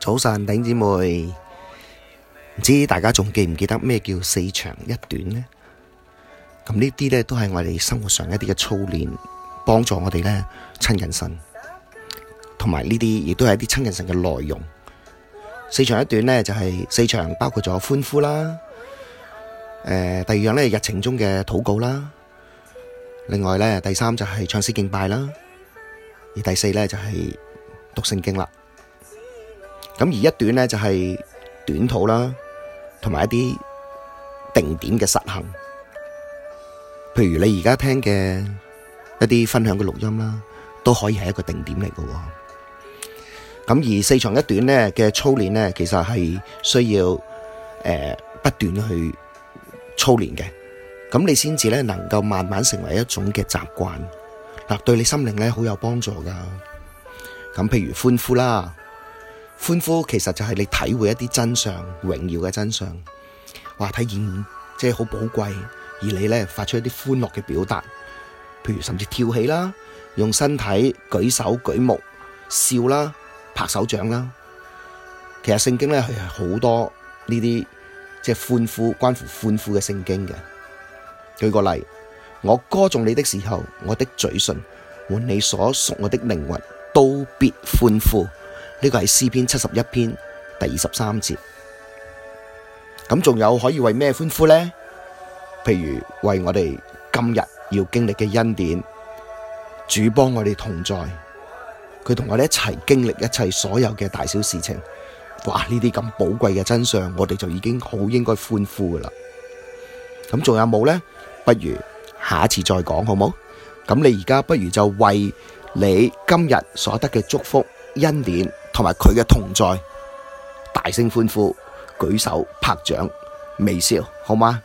早晨，弟姐妹，唔知大家仲記唔記得咩叫四長一短呢？咁呢啲咧都係我哋生活上一啲嘅操練，幫助我哋咧親近神，同埋呢啲亦都係一啲親近神嘅內容。四長一短咧就係四長包括咗歡呼啦，誒，第二樣咧日程中嘅禱告啦，另外咧第三就係唱詩敬拜啦，而第四咧就係讀聖經啦。咁而一短咧就係短禱啦，同埋一啲定點嘅實行，譬如你而家聽嘅一啲分享嘅錄音啦，都可以係一個定點嚟嘅。咁而四長一短咧嘅操練咧，其實係需要誒不斷去操練嘅，咁你先至咧能夠慢慢成為一種嘅習慣，嗱對你心靈咧好有幫助噶。咁譬如歡呼啦。歡呼其實就係你體會一啲真相、榮耀嘅真相，話睇見即係好寶貴，而你咧發出一啲歡樂嘅表達，譬如甚至跳起啦，用身體舉手舉目笑啦，拍手掌啦。其實聖經咧佢係好多呢啲即係歡呼關乎歡呼嘅聖經嘅。舉個例，我歌頌你的時候，我的嘴唇和你所贖我的靈魂都必歡呼。呢個係詩篇七十一篇第二十三節。咁仲有可以為咩歡呼呢？譬如為我哋今日要經歷嘅恩典，主幫我哋同在，佢同我哋一齊經歷一切所有嘅大小事情。哇！呢啲咁寶貴嘅真相，我哋就已經好應該歡呼㗎喇。咁仲有冇呢？不如下一次再講好冇？咁你而家不如就為你今日所得嘅祝福、恩典。同埋佢嘅同在，大聲歡呼，舉手拍掌，微笑，好嗎？